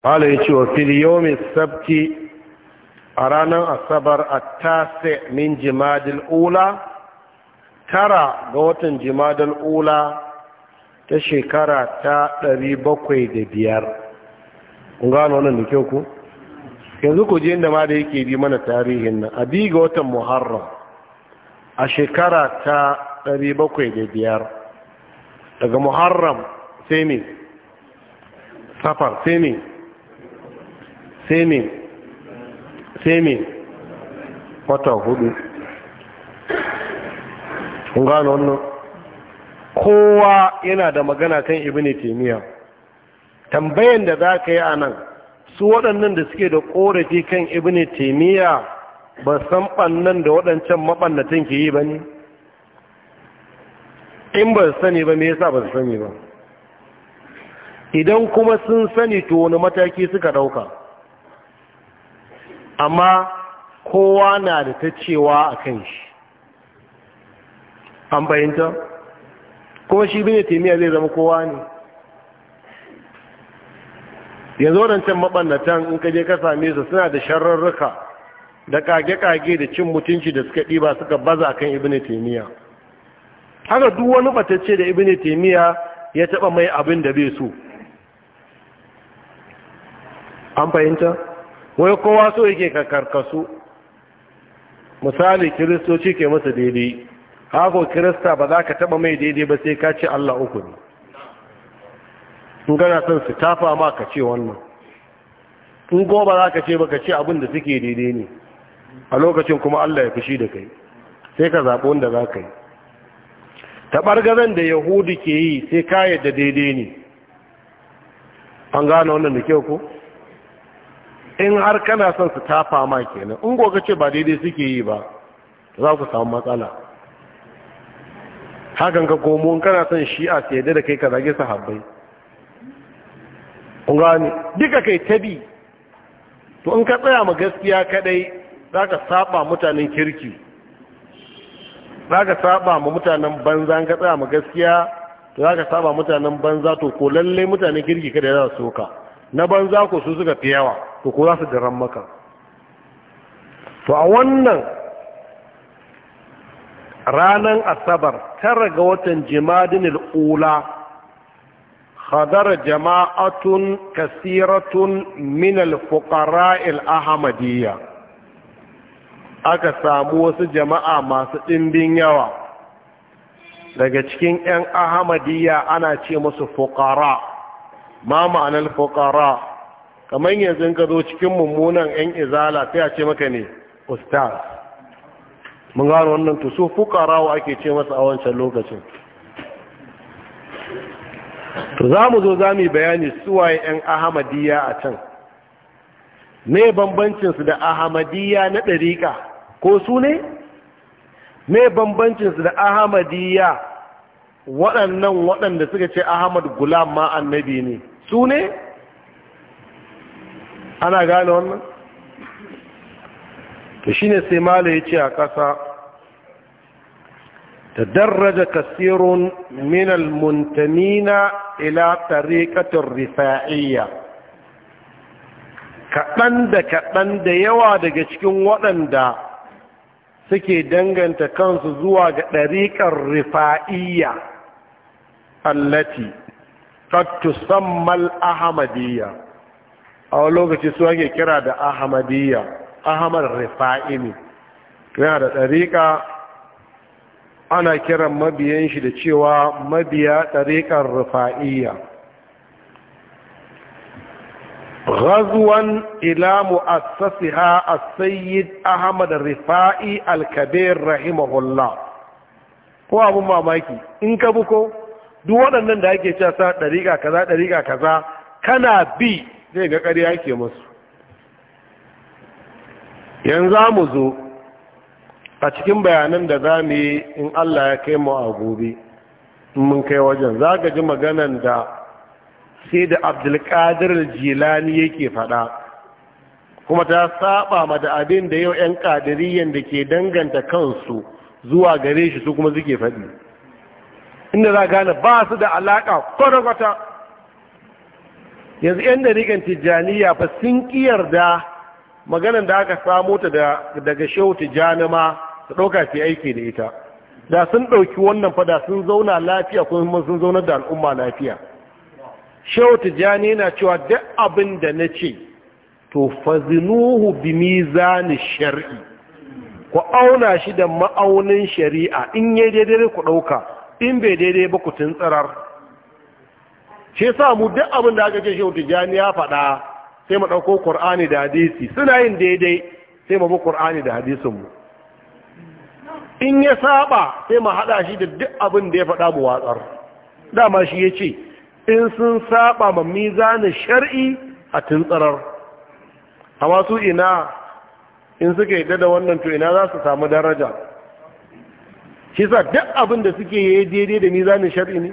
Fala ya ce wa Yomi sabti a ranar asabar a tasir min jimadin ula tara ga watan jimadin ula ta shekara ta ɗari bakwai da biyar. Kun gano wannan da kyau ku? Yanzu ku je inda ma da yake bi mana tarihin nan, a bi ga watan Muharram a shekara ta ɗari bakwai da biyar. Daga Muharram sai ne? safar sai ne? sai me hudu gano wannan kowa yana da magana kan Ibn taimiyya tambayan da za ka yi a nan su waɗannan da suke da ƙorafi kan Ibn taimiyya ba san ɓannan da waɗancan maɓannatan ke yi ba ne in ba su sani ba me yasa ba su sani ba idan kuma sun sani to wani mataki suka ɗauka amma kowa na da ta cewa a kan shi an bayanta kuma shi bin taimiyya zai zama kowa ne yanzu wadancan maɓannatan in kaje ka same su suna da shararruka da kage-kage da cin mutunci da suka ɗiba suka baza a kan ibini taimiyya haka duk wani batacce da ibini taimiyya ya taɓa mai abin da bai so an fahimta wai kowa so yake ka karkasu misali kiristoci ke masa daidai hako kirista ba za ka taba mai daidai ba sai ka ce Allah uku ne in gana son su tafa ma ka ce wannan in ko ba za ka ce ba ka ce abin da suke daidai ne a lokacin kuma Allah ya fushi da kai sai ka zaɓi wanda za ka yi taɓargazan da yahudu ke yi sai ka yadda daidai ne an gane wannan da kyau ko? in har kana son su tafa ma kenan in goga ce ba daidai suke yi ba za ku samu matsala hakan ka komo in kana son shi'a su yadda da kai ka zage habbai. kun gane duka kai tabi to in ka tsaya ma gaskiya kadai za ka saba mutanen kirki za ka saba ma mutanen banza in ka tsaya ma gaskiya to za ka saba mutanen banza to ko lallai mutanen kirki kada za su soka na banza ko su suka fi yawa to ko za su daren maka to a wannan ranar asabar tara ga watan jimadin al'ula hadar jama'atun kasiratun minal al-fuqara ahmadiyya aka samu wasu jama'a masu ɗimbin yawa daga cikin 'yan ahmadiyya ana ce musu fukara ma ma'anar fukara kamar yanzu ka zo cikin mummunan yan izala sai a ce maka ne ustaz mun gano wannan to su wa ake ce masa a wancan lokacin to za mu zo za mu yi bayani suwaye yan ahamadiyya a can me bambancinsu da ahamadiyya na ɗariƙa ko su ne me bambancinsu da ahamadiyya waɗannan waɗanda suka ce ahmad gulam ma annabi ne su ne ana gane wannan to ne sai mala ya ce a ƙasa ta kasirun minal muntamina ila طريقة rifa'iyya, kaɗan da kaɗan da yawa daga cikin waɗanda suke danganta kansu zuwa ga ɗariƙar rifa'iyya allati qad tusamma ahmadiyya a wani lokaci su ake kira da ahamadiyya ahamar rifa'i ne yana da ɗariƙa ana kiran mabiyan shi da cewa mabiya ɗariƙar rifa'iyya غزوا إلى مؤسسها السيد Ahmad rifa'i الكبير رحمه rahimahullah ko abun mamaki in ka buko duk waɗannan da ake cewa ɗariƙa kaza ɗariƙa kaza kana bi zai ga ƙarya ke musu yanzu za mu zo a cikin bayanan da za mu yi in Allah ya kai mu a gobe in mun kai wajen za ga ji maganan da sai da abdulkadir jilani yake faɗa kuma ta saba ma da abin da yau 'yan kadiriyan da ke danganta kansu zuwa gare shi su kuma suke faɗi inda za gane ba su da alaƙa kwata-kwata yanzu 'yan dariƙan tijjaniya ba sun ƙiyar da maganan da aka samo ta daga shehu tijjani ma ta ɗauka fi aiki da ita da sun ɗauki wannan fada sun zauna lafiya kuma sun zaunar da al'umma lafiya shehu tijjani yana cewa duk abin da na ce to fazinuhu bi mizani shar'i ku auna shi da ma'aunin shari'a in yai daidai ku ɗauka in bai daidai ba ku tsarar shi sa mu duk abin da aka ce shehu tijani ya faɗa sai mu ɗauko ƙur'ani da hadisi suna yin daidai sai mu bi ƙur'ani da hadisin mu in ya saba sai mu haɗa shi da duk abin da ya faɗa mu watsar dama shi ya ce in sun saba ma na shar'i a tuntsarar amma su ina in suka yi da wannan to ina za su samu daraja shi sa duk abin da suke yi daidai da mizanin shar'i ne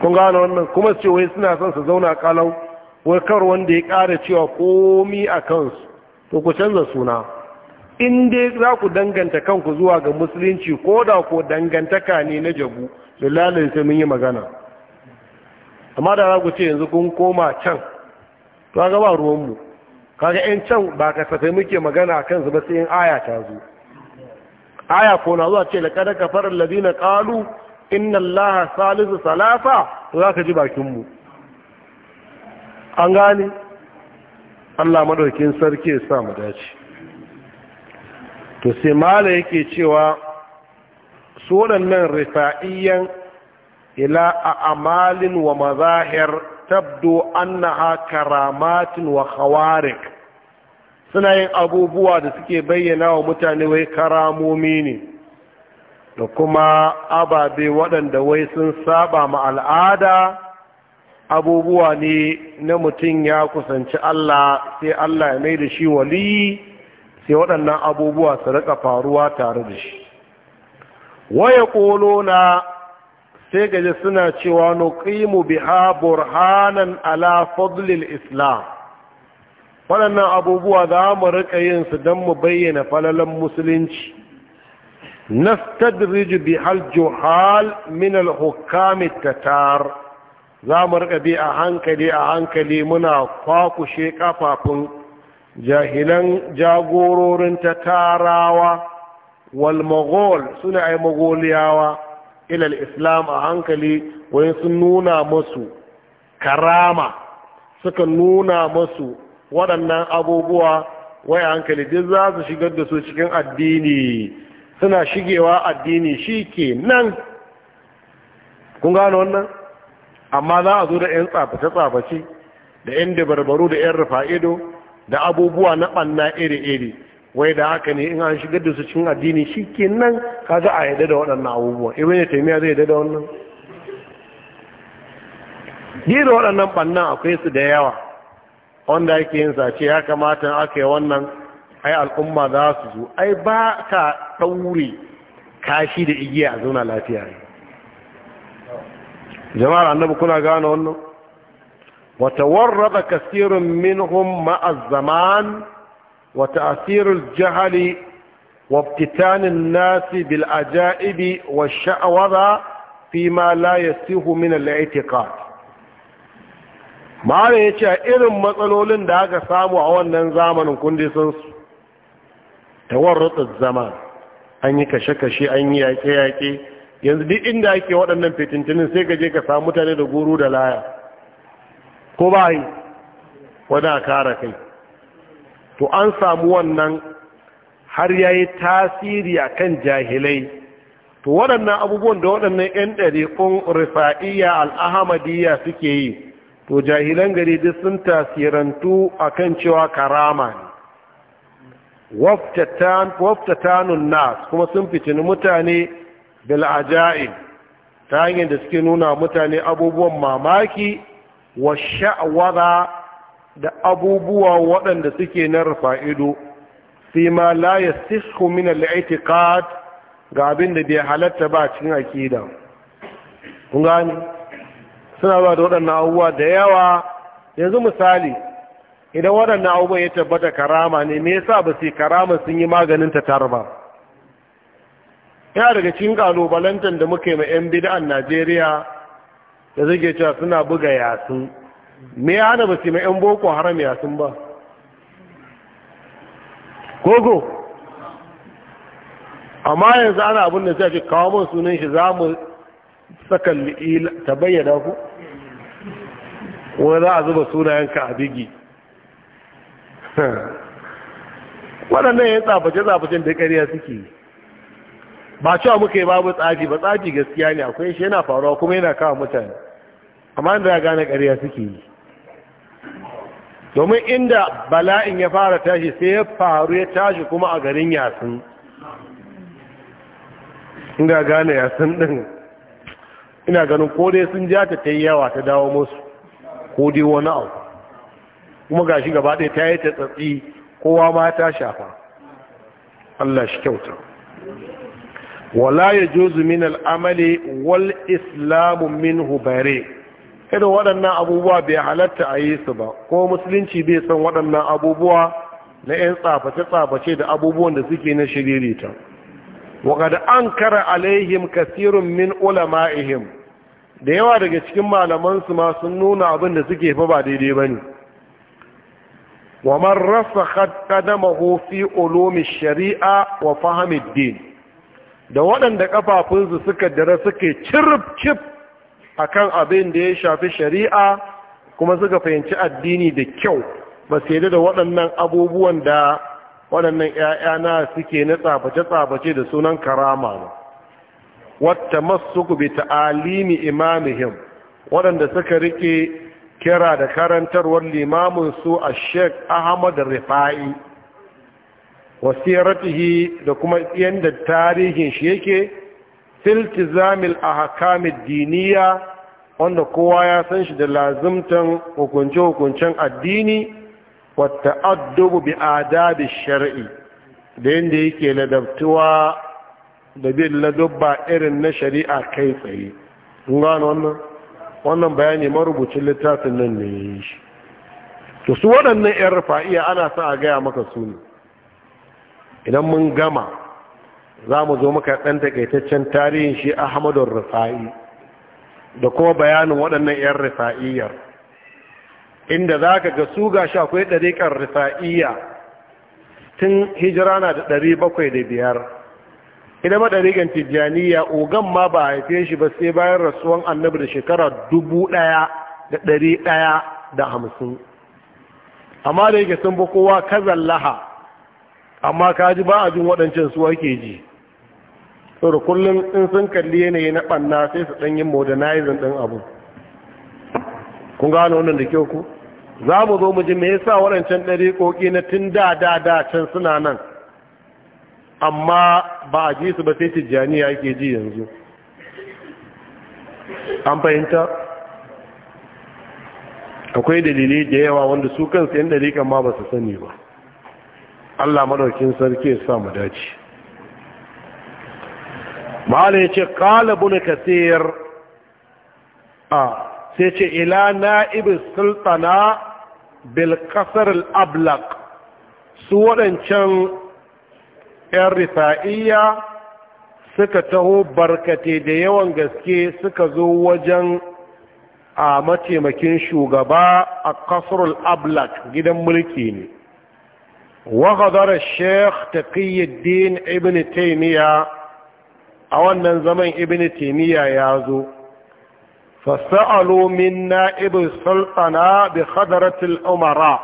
kun gano wannan kuma ce wai suna son su zauna kalau wai kar wanda ya ƙara cewa komi a kansu to ku canza suna in dai za ku danganta kanku zuwa ga musulunci ko da ko dangantaka ne na jabu lalata sai mun yi magana amma da za ku ce yanzu kun koma can to ga ba ruwanmu kaga yan can ba kasafai muke magana kansu ba sai yin aya ta zo aya ko na zuwa ce laqad kafara allazina qalu inna allaha salisu salasa to za ka ji bakinmu an gane allah madaukin sarki ya sa mu dace to sai mala yake cewa su waɗannan rifa'iyyan ila a amalin wa mazahir tabdo annaha karamatin wa khawarik suna yin abubuwa da suke bayyana wa mutane wai karamomi ne da kuma ababe waɗanda wai sun saba ma al'ada abubuwa ne na mutum ya kusanci Allah sai Allah ya mai da shi wali sai waɗannan abubuwa su rika faruwa tare da shi waya ƙolo na sai gaje suna cewa nuqimu biha burhanan ala fadlil islam waɗannan abubuwa za mu rika yin su don mu bayyana falalan musulunci nastadriju bi aljuhal min alhukami tatar za mu rika bi a hankali a hankali muna kwakushe kafafun jahilan jagororin tatarawa wal maghol suna ai magoliyawa ilal islam a hankali wani suna nuna masu karama suka nuna masu waɗannan abubuwa wai hankali duk za shigar da su cikin addini suna shigewa addini shi ke nan kun gano wannan amma za a zo da 'yan tsaface-tsaface da 'yan dabarbaru da 'yan rufa ido da abubuwa na ɓanna iri-iri wai da haka ne in an shigar da su cin addini shi ke nan ka za a yadda da waɗannan abubuwa ibi ne taimiyya zai yadda da wannan da waɗannan ɓannan akwai su da yawa wanda ake yin sace ya kamata aka yi wannan ai al'umma za su zo ai ba ka ɗaure kashi da igiya a zauna lafiya ne jama'ar annabi kuna gane wannan wata warraba kasirin minhum ma'a zaman wata asirin jihali wa الناس بالعجائب والشعوذة فيما لا يسيه من الاعتقاد ما yace irin matsalolin da aka samu a wannan zamanin kundi sun tawarrutsa zama an yi kashe-kashe an yi yaƙe-yaƙe yanzu duk inda ake waɗannan fitintunin sai gaje ka samu mutane da guru da laya ko ba yi wani a kara kai to an samu wannan har ya yi tasiri a kan jahilai to waɗannan abubuwan da waɗannan 'yan ɗariƙun rufa'iyya al'ahamadiyya suke yi to jahilan gari duk sun tasirantu a kan cewa karama ne waftatanun nas kuma sun fitini mutane bil'aja'in ta hanyar da suke nuna mutane abubuwan mamaki wa sha'awara da abubuwa waɗanda suke na rufa ido fi ma la ya sisu min kad ga abin da bai halatta ba cikin akida kun gani suna ba da waɗannan abubuwa da yawa yanzu misali idan waɗannan abubuwan ya tabbata karama ne me yasa ba sai karama sun yi maganin ta tar ba yana daga cikin kalubalantar da muke ma 'yan a najeriya da zuke cewa suna buga yasu me ya hana ba sai ma 'yan boko haram yasun ba gogo amma yanzu ana abin da sai kawo mun sunan shi za mu saka ta bayyana ku wani za a zuba sunayenka a bigi waɗannan ya tsaface-tsafacen da ƙariya suke ba cewa muka yi babu tsafi ba tsafi gaskiya ne akwai shi yana faruwa kuma yana kawo mutane amma inda ya gane ƙariya suke yi domin inda bala'in ya fara tashi sai ya faru ya tashi kuma a garin yasin inda gane yasin ɗin ina ganin ko dai sun ja ta ta yawa ta dawo musu ko dai wani abu kuma ga shi gaba ɗaya ta yi ta tsatsi kowa ma ta shafa Allah shi kyauta wala ya juzu min al'amali wal islamu min hubare irin waɗannan abubuwa bai halatta a yi su ba ko musulunci bai san waɗannan abubuwa na 'yan tsaface-tsaface da abubuwan da suke na shiririta waɗanda an kara alaihim kasirun min ulama'ihim da yawa daga cikin malamansu ma sun nuna abin da suke fa ba daidai ba ne wa man rasakhat qadamahu fi shari'a wa fahmi din da waɗanda kafafunsu suka dare suke cirif cif akan abin da ya shafi shari'a kuma suka fahimci addini da kyau ba sai da waɗannan abubuwan da waɗannan 'ya'yana suke na tsaface tsaface da sunan karama ba wata masuku bi ta'alimi imamihim waɗanda suka rike kira da karantarwar limamin su a sheik ahmad rifa'i wasiratihi da kuma yadda tarihin shi yake a ahkamid diniya wanda kowa ya san shi da lazimtan hukunce-hukuncen addini wata addubu bi adabi shari'i da yadda yake ladabtuwa da bin ladubba irin na shari'a kai tsaye gano wannan wannan bayani marubucin littafin nan ne yi shi to su waɗannan 'yan rufa'iya ana sa a gaya maka su ne idan mun gama za mu zo maka ɗan takaitaccen tarihin shi ahmadun rufa'i da kuma bayanin waɗannan 'yan rufa'iyar inda za ka ga su gashi akwai ɗariƙar rufa'iya tun hijira na da ɗari bakwai da biyar ita madarigan tijjaniya ogan ma ba haife shi ba sai bayan rasuwan annabi da shekara dubu ɗaya da ɗari ɗaya da hamsin amma da yake sun bi kowa kazan laha amma ka ji ba a jin waɗancan su ake ji saboda kullum in sun kalli yanayi na ɓanna sai su ɗan yin modernizing ɗin abu kun gano wannan da kyau ku za mu zo mu ji me yasa waɗancan ɗari ƙoƙi na tun da da da can suna nan amma ba a ji su ba sai ya ke ji yanzu an fahimta akwai dalilai da yawa wanda su kansu yan dalikan ma ba su sani ba Allah madaukin sarki ya sa mu dace ma'ala ya ce kalabu na kasir a sai ce ila na'ibin sultana Bilkasar al'ablak su waɗancan 'yan rifa'iyya suka taho barkate da yawan gaske suka zo wajen a mataimakin shugaba a kasarul ablak gidan mulki ne wakadar sheikh taqiyuddin ibn taimiyya a wannan zaman ibn taimiyya ya zo fasa'alu min na'ibin sultana bi khadaratul umara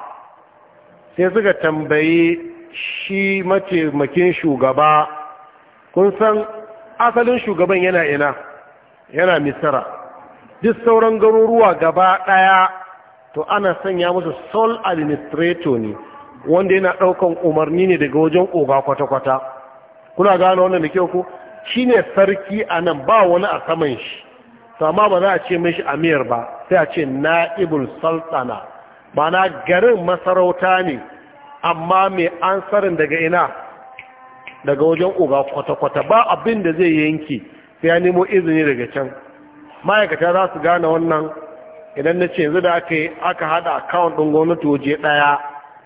sai suka tambayi shi mataimakin shugaba kun san asalin shugaban yana ina yana misira duk sauran garuruwa gaba daya to ana sanya musu sole administrator ne wanda yana ɗaukan umarni ne daga wajen oga kwata-kwata kuna gano wannan da kyau ku shi ne sarki a nan ba wani a saman shi sama ba za a ce mashi amir ba sai a ce na'ibul sultana ba na garin masarauta ne amma mai ansarin daga ina daga wajen uba kwata-kwata ba abin da zai yanki sai ya nemo izini daga can ma'aikata za su gane wannan idan na ce yanzu da aka yi aka haɗa akawun ɗin gwamnati waje ɗaya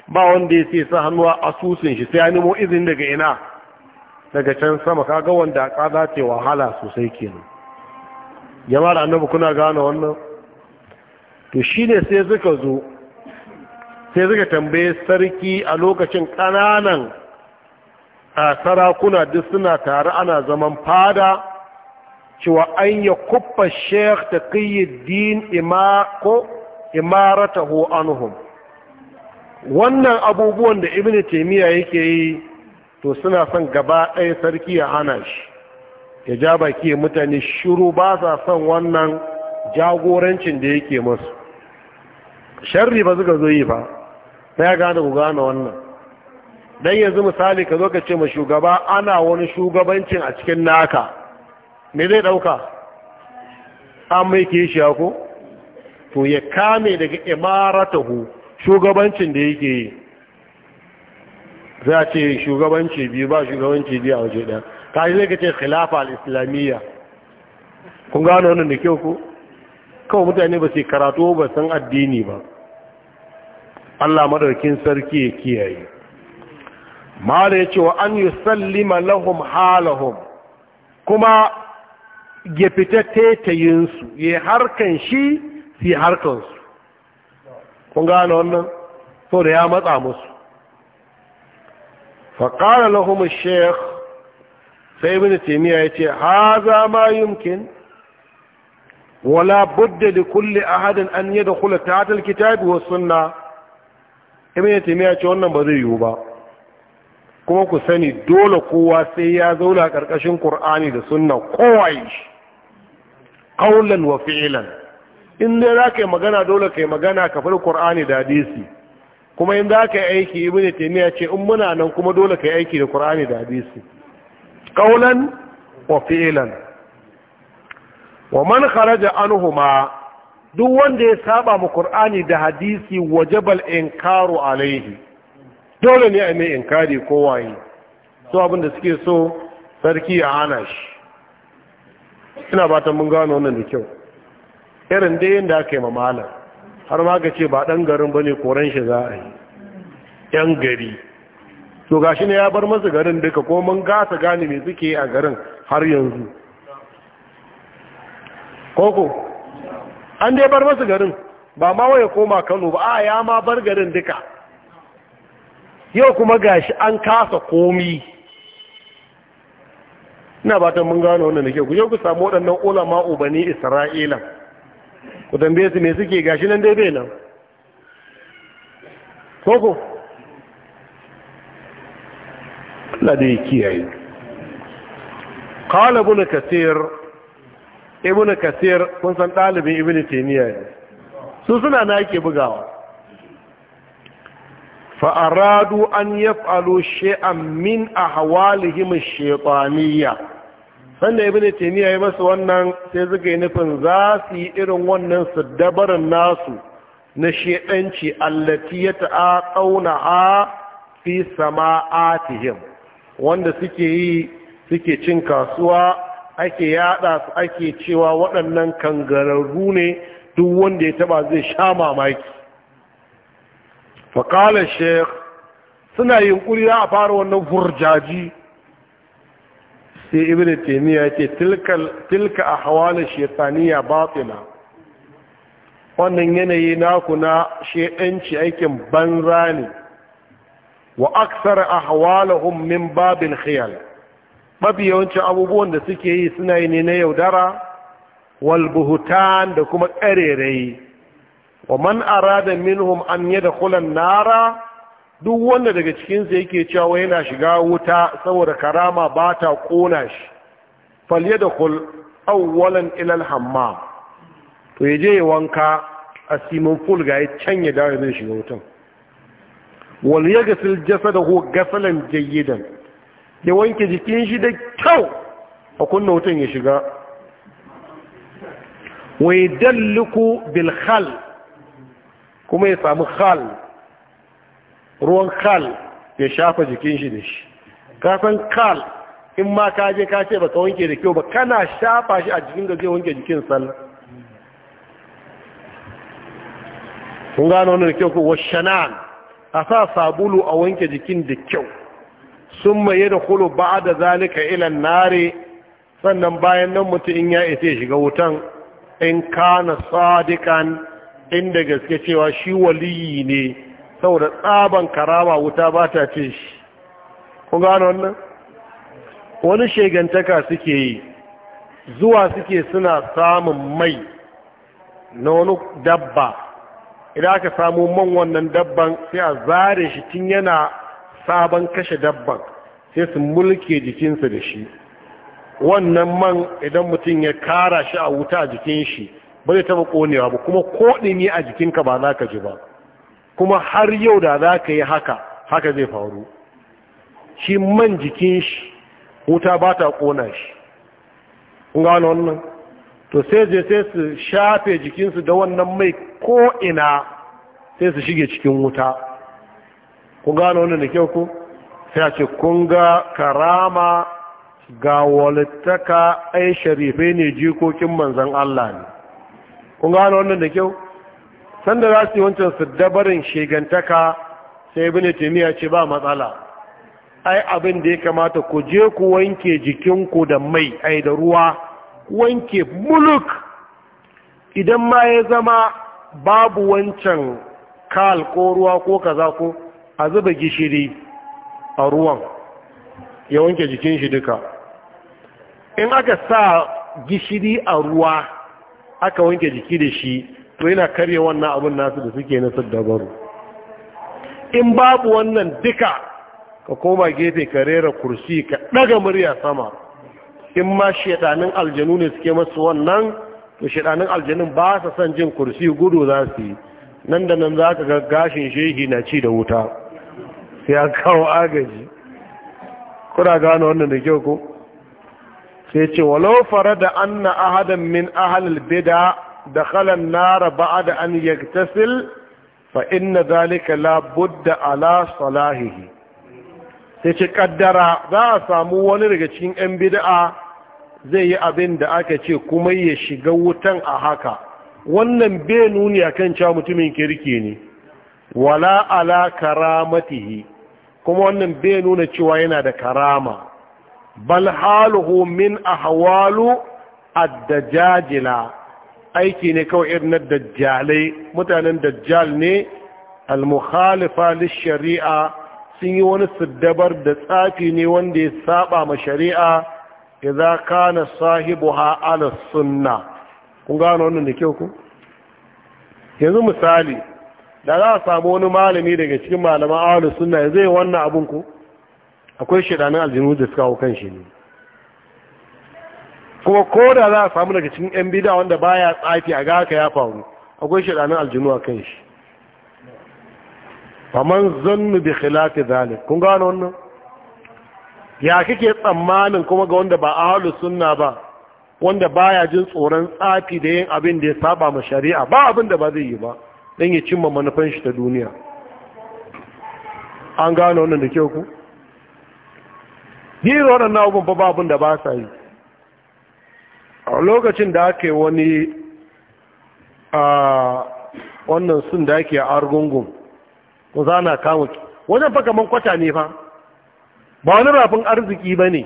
ba wanda ya sai sa hannuwa asusun shi sai ya nemo izini daga ina daga can sama kaga wanda ka ce wahala sosai kenan jama'ar annabi kuna gane wannan to shine sai suka zo sai suka tambaye sarki a lokacin ƙananan a sarakuna duk suna tare ana zaman fada cewa an yi kuffa sheikh ta din ko imarata ho anuhum wannan abubuwan da ibn taimiyya yake yi to suna son gaba ɗaya sarki ya hana shi ya ja baki mutane shiru ba sa son wannan jagorancin da yake masu sharri ba suka zo yi ba ya gane ku gane wannan dan yanzu misali ka zo ka ce ma shugaba ana wani shugabancin a cikin naka me zai ɗauka an mai shi ko to ya kame daga imaratahu shugabancin da yake yi za ce shugabanci biyu ba shugabanci biyu a waje ɗaya ka yi zai ka ce khilafa al-islamiyya kun gano wannan da kyau ko kawai mutane ba su karatu ba san addini ba Allah madaukin sarki ya kiyaye mala yace wa an yusallima lahum halahum kuma ya fita tetayin su ya harkan shi fi harkan su kun gane wannan so da ya matsa musu faqala lahum ash-shaykh sai ibn taymiya yace haza ma yumkin ولا بد لكل أحد أن يدخل تحت الكتاب والسنة ibn taymiya ce wannan ba zai yiwu ba kuma ku sani dole kowa sai ya zauna karkashin qur'ani da sunna kowa yi shi qawlan wa fi'lan in dai za ka yi magana dole ka yi magana ka fara qur'ani da hadisi kuma in za ka yi aiki ibn taymiya ce in muna nan kuma dole ka yi aiki da qur'ani da hadisi qawlan wa fi'lan wa man kharaja anhuma duk wanda ya saba mu Kur'ani da hadisi wajabal inkaru alaihi dole ne a mai inkari ko waye so abin da suke so sarki ya hana shi ina ba ta mun gano wannan da kyau irin dai yanda aka yi mamala har ma ka ce ba dan garin bane koran shi za a yi yan gari to gashi ne ya bar masa garin duka ko mun gasa gane me suke a garin har yanzu koko an dai bar masa garin ba ma waya koma kano ba a ya ma bar garin duka yau kuma gashi an kasa komi ina ba ta mun gano wannan nake ku Yau ku samu waɗannan ulama ubani isra'ila ku tambaye su me suke gashi nan dai bai nan koko Allah da ya kiyaye qala ibn kathir ibn kasir kun san ɗalibin ibn taymiya ne su suna na yake bugawa fa aradu an yaf'alu shay'an min ahwalihim ash-shaytaniyya sanda ibn taymiya ya masa wannan sai zuga yi nufin za su yi irin wannan su dabarin nasu na shedanci allati ya a fi sama'atihim wanda suke yi suke cin kasuwa ake yada su ake cewa waɗannan kangararru ne duk wanda ya taba zai sha mamaki faƙala sheikh suna yin za a fara wannan furjaji sai ibn taimiyya ke tilka a hawalar shekaniya batina wannan yanayi naku na shedanci aikin banza ne wa aksar a hawalahun min babin khiyal mafi yawancin abubuwan da suke yi suna yi ne na yaudara walbuhutan da kuma ƙarerai wa man arada minhum an kulan nara duk wanda daga cikinsu yake cewa yana shiga wuta saboda karama ba ta ƙona shi falyadkhul awwalan ilal al-hammam to je yaje wanka a simon pool ga ya canye dawo zai shiga wutan wal da ko gasalan jayyidan ya wanke jikin shi da kyau a kunna wutan ya shiga wai dalliku bil khal kuma ya samu khal ruwan khal ya shafa jikin shi da shi kasan khal in ma ka je ka ce baka wanke da kyau ba kana shafa shi a jikin da zai wanke jikin sallah kun gano wani da kyau ko washanan a sa sabulu a wanke jikin da kyau sun maye da kulu ba da zalika ilan nare sannan bayan nan mutum in ya isa shiga wutan in kana sadikan inda gaske cewa shi waliyi ne saboda tsaban karama wuta ba ta ce shi kun gano wannan wani shegantaka suke yi zuwa suke suna samun mai na wani dabba idan aka samu man wannan dabban sai a zare shi tun yana sabon kashe dabban sai su mulke jikinsa da shi wannan man idan mutum ya kara shi a wuta a jikin shi ba zai taba konewa ba kuma koɗini a jikinka ba za ka ji ba kuma har yau da za ka yi haka haka zai faru shi man jikin shi wuta ba ta kona shi gano wannan to sai zai sai su shafe jikinsu da wannan mai ko'ina sai su shige cikin wuta ku gano wannan da kyau ku sai a ce kun ga karama ga walittaka ai sharifai ne jikokin manzan Allah ne kun gano wannan da kyau sanda za su yi wancan su dabarin shigantaka sai ne taymiya ce ba matsala ai abin da ya kamata ku je ku wanke jikinku da mai ai da ruwa wanke muluk idan ma ya zama babu wancan kal ko ruwa ko kaza ko a zuba gishiri a ruwan ya wanke jikin shi duka in aka sa gishiri a ruwa aka wanke jiki da shi to yana karye wannan abin nasu da suke nasu dabaru in babu wannan duka ka koma gefe ka rera kursi ka daga murya sama in ma shaɗanin aljanu ne suke masu wannan to shaɗanin aljanun ba sa son jin kursi gudu za su yi nan da nan za ka ga gashin shehi na ci da wuta sai ya kawo agaji kuna gano wannan da kyau ko sai ce walau fara da anna ahadan min ahalil bida da kalan nara da an yaktasil fa inna zalika la budda ala salahihi sai ce kaddara za a samu wani daga cikin 'yan bida zai yi abin da aka ce kuma ya shiga wutan a haka wannan bai nuni a kan cewa mutumin kirki ne wala ala karamatihi kuma wannan bai nuna cewa yana da karama bal haluhu min ahwalu ad aiki ne kawai irin na dajjalai mutanen dajjal ne al-mukhalifa lish-shari'a sun yi wani siddabar da tsafi ne wanda ya saba ma shari'a idza kana sahibuha ala sunna kun gano wannan da kyau ku yanzu misali da za a samu wani malami daga cikin malaman ahlus suna ya zai wannan abun ku akwai shidanin aljinu da suka hau kan shi ne kuma ko da za a samu daga cikin yan bida wanda ba ya tsafi a ga haka ya faru akwai shidanin aljinu a kan shi faman zannu bi khilafi zalik kun gano wannan ya kike tsammanin kuma ga wanda ba ahlus sunna ba wanda baya jin tsoron tsafi da yin abin da ya saba ma shari'a ba abin da ba zai yi ba don ya cimma manufan shi ta duniya an gano wannan da kyau ku yin waɗannan abubuwan ba babin da ba sa yi a lokacin da aka yi wani a wannan sun da ake a argungun ku zana ki? wajen faka man kwata ne fa ba wani rafin arziki ba ne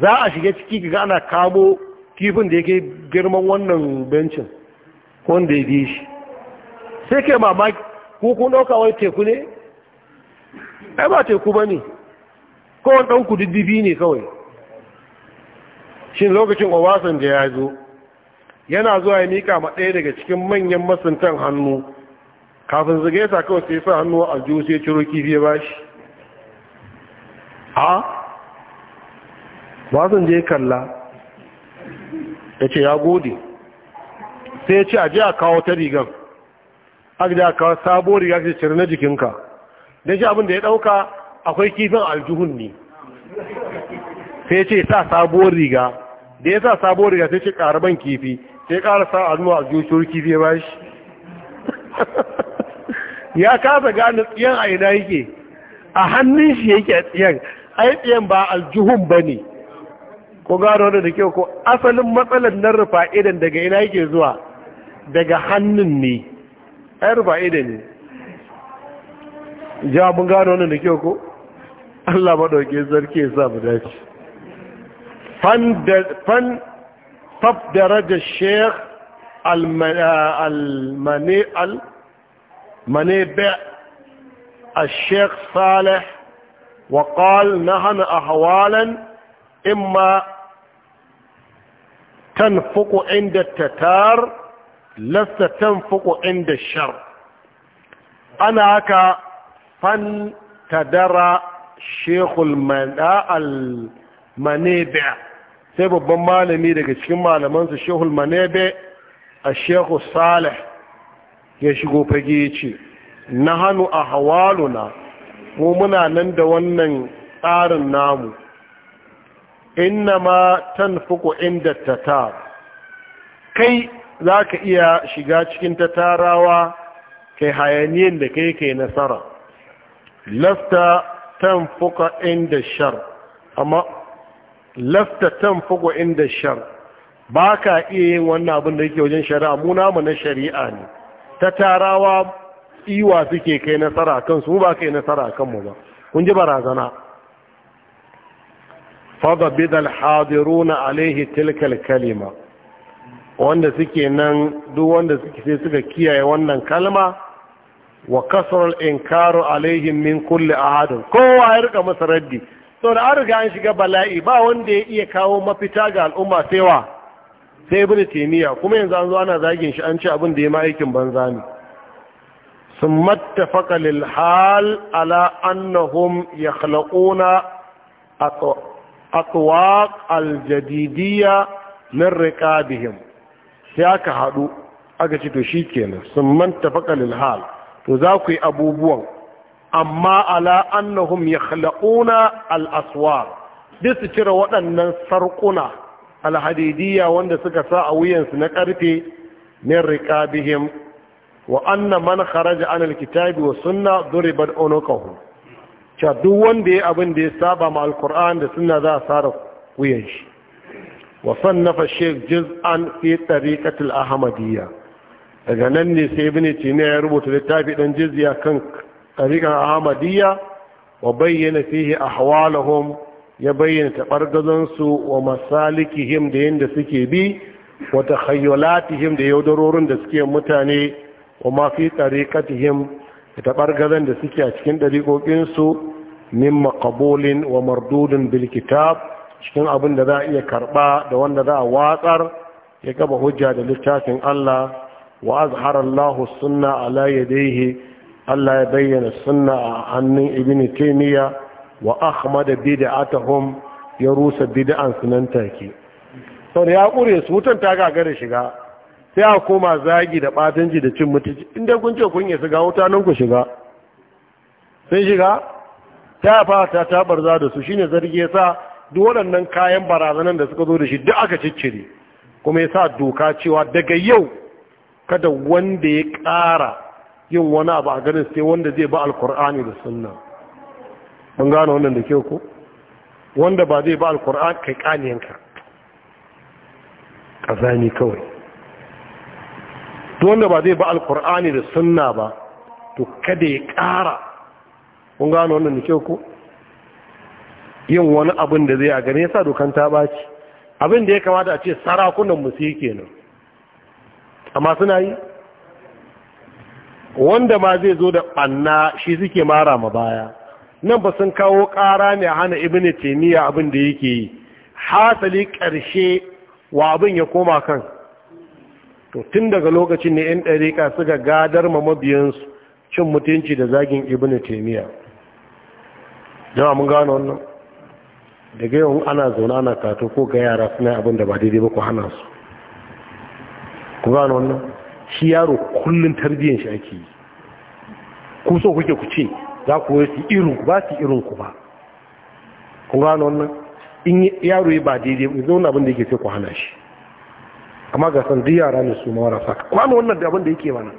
za a shiga ciki ga ana kamo kifin da yake girman wannan bencin ko wanda ya bi shi sai ke mamaki ko kun ɗauka wai teku ne ai ba teku ba ne kawai ɗan kududdufi ne kawai shin lokacin da ya zo yana zuwa ya miƙa ma ɗaya daga cikin manyan masuntan hannu kafin zage sa kawai sai sa hannu a aljihu sai ciro kifi ya bashi a ba sun je kalla ya ce ya gode sai ya ce a a kawo ta rigar. aka da kawo sabo riga ce cire na jikinka don shi abin da ya ɗauka akwai kifin aljihun ne sai ce sa sabuwar riga da ya sa sabuwar riga sai ce ƙaraban kifi sai ƙara sa alnuwa aljihun kifi ba shi ya kasa gane tsiyan a ina yake a hannun shi yake a tsiyan ai tsiyan ba aljihun ba ne ko gano wanda da kyau ko asalin matsalar na rufa idan daga ina yake zuwa daga hannun ne ai rufa'i da ne ja mun gano wannan da kyau ko Allah maɗauke zarke ya sa mu dace fan faf daraja sheikh al-mane al-mane الشيخ صالح وقال نحن أحوالا إما تنفق عند التتار lasta tanfuku inda shar ana haka fan tadara shekul manebe sai babban malami daga cikin malamansa shekul manebe a shekul salih ya shigo fage ce na hannu a hawaluna mu muna nan da wannan tsarin namu inna ma tanfuku inda tatar kai za ka iya shiga cikin ta tarawa kai hayaniyan da kai kai nasara lafta tan fuka inda shar amma lafta tan fuka inda shar ba ka iya yin wannan abin da yake wajen shari'a mu na shari'a ne ta tarawa iwa suke kai nasara kansu, su ba kai nasara kan mu ba kun ji barazana bidal hadiruna alaihi tilkal kalima wanda suke nan duk wanda suke sai suka kiyaye wannan kalma wa kasral inkaru alaihim min kulli ahadin kowa ya rika masa raddi so da an riga an shiga bala'i ba wanda ya iya kawo mafita ga al'umma sai wa sai ibnu taymiya kuma yanzu an zo ana zagin shi an ci abin da ya ma aikin banza ne ثم na للحال على أنهم يخلقون أطواق الجديدية min ركابهم sai aka haɗu aka ce to shi kenan sun manta faƙalil hal to za ku yi abubuwan amma ala annahum ya khala'una al'aswar duk su cire waɗannan sarƙuna alhadidiyya wanda suka sa a wuyansu na ƙarfe min riƙabihim wa anna man kharaja an alkitabi wa sunna duribat unuqahu cha duk wanda ya abin da ya saba ma alquran da sunna za a sara wuyan shi وصنف الشيخ جزءا في طريقة الأحمدية daga nan ne sai ibn tina ya rubuta littafi dan jizya kan tariqan ahmadiyya wa bayyana fihi ahwalahum ya bayyana tabargazan su wa masalikihim da yanda suke bi wa takhayyulatihim da yaudarorin da suke mutane wa ma fi tariqatihim da tabargazan da suke a cikin dariqoqin min maqbulin wa mardudin bilkitab. cikin abin da za a iya karɓa da wanda za a watsar ya gaba hujja da littafin Allah wa azhara Allahu sunna ala yadayhi Allah ya bayyana sunna a hannun ibn taymiya wa akhmada bid'atuhum ya rusa bid'an sunan take sau da ya ƙure su wutan ta gare shiga sai a koma zagi da ɓatanci da cin mutunci inda kun ce kun yi ga wuta nan ku shiga sun shiga ta fata ta barza da su shine zargi ya sa duk waɗannan kayan barazanan da suka zo da shi duk aka ciccire kuma ya sa doka cewa daga yau kada wanda ya ƙara yin wani abu a ganin sai wanda zai ba alkur'ani da sunna mun gane wannan da kyau ko wanda ba zai ba alkur'ani kai ƙaniyanka ƙazani kawai duk wanda ba zai ba alkur'ani da sunna ba to kada ya ƙara mun gane wannan da kyau ko yin wani abin da zai a gane sa dokan ta baci abin da ya kamata a ce sarakunan mu ke nan amma suna yi wanda ma zai zo da banna shi suke mara ma baya nan ba sun kawo ƙara ne a hana ne taymiya abin da yake yi hasali ƙarshe wa abin ya koma kan to tun daga lokacin ne yan ɗariƙa suka gadar ma mabiyansu cin mutunci da zagin ibn taymiya jama'a mun gano wannan daga yau ana zaune ana kato ko ga yara suna abin da ba daidai ba ku hana su ku gano wannan shi yaro kullum tarbiyyar shi ake yi ku so kuke ku ce za ku yi su irin ku ba su irin ku ba ku gano wannan in yaro yi ba daidai ba zaune abin da yake sai ku hana shi amma ga san duk yara ne su mawara sa gano wannan da abin da yake mana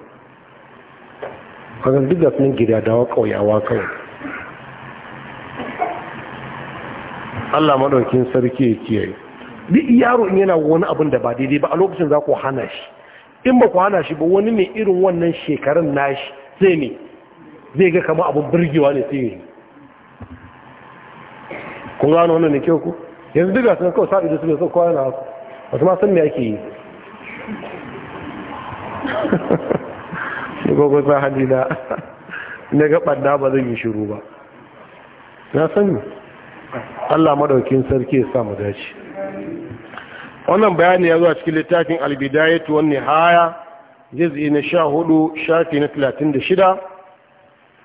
kagan duk da gida dawa kauyawa kawai Allah maɗaukin sarki ya kiyaye duk yaro in yana wani abin da ba daidai ba a lokacin za ku hana shi in ba ku hana shi ba wani mai irin wannan shekarun nashi sai ne zai ga kama abin birgewa ne sai ne kun gano wannan ne kyau ku yanzu duk gasu kawai sa'idu su bai so kowa yana haku wasu ma san me ake yi shi gogo sa hannu na na ga ɓanda ba zan yi shiru ba na sani Allah madaukin sarki ya sa mu dace wannan bayani ya zo a cikin littafin albidayatu wan nihaya juz'i na 14 shafi na 36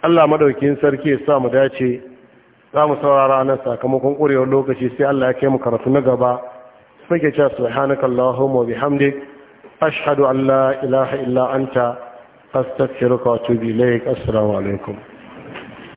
Allah madaukin sarki ya sa mu dace za mu saurara nan sakamakon ƙurewar lokaci sai Allah ya kai mu karatu na gaba sake cewa subhanakallahumma wa bihamdik ashhadu an la ilaha illa anta astaghfiruka wa atubu ilayk assalamu alaikum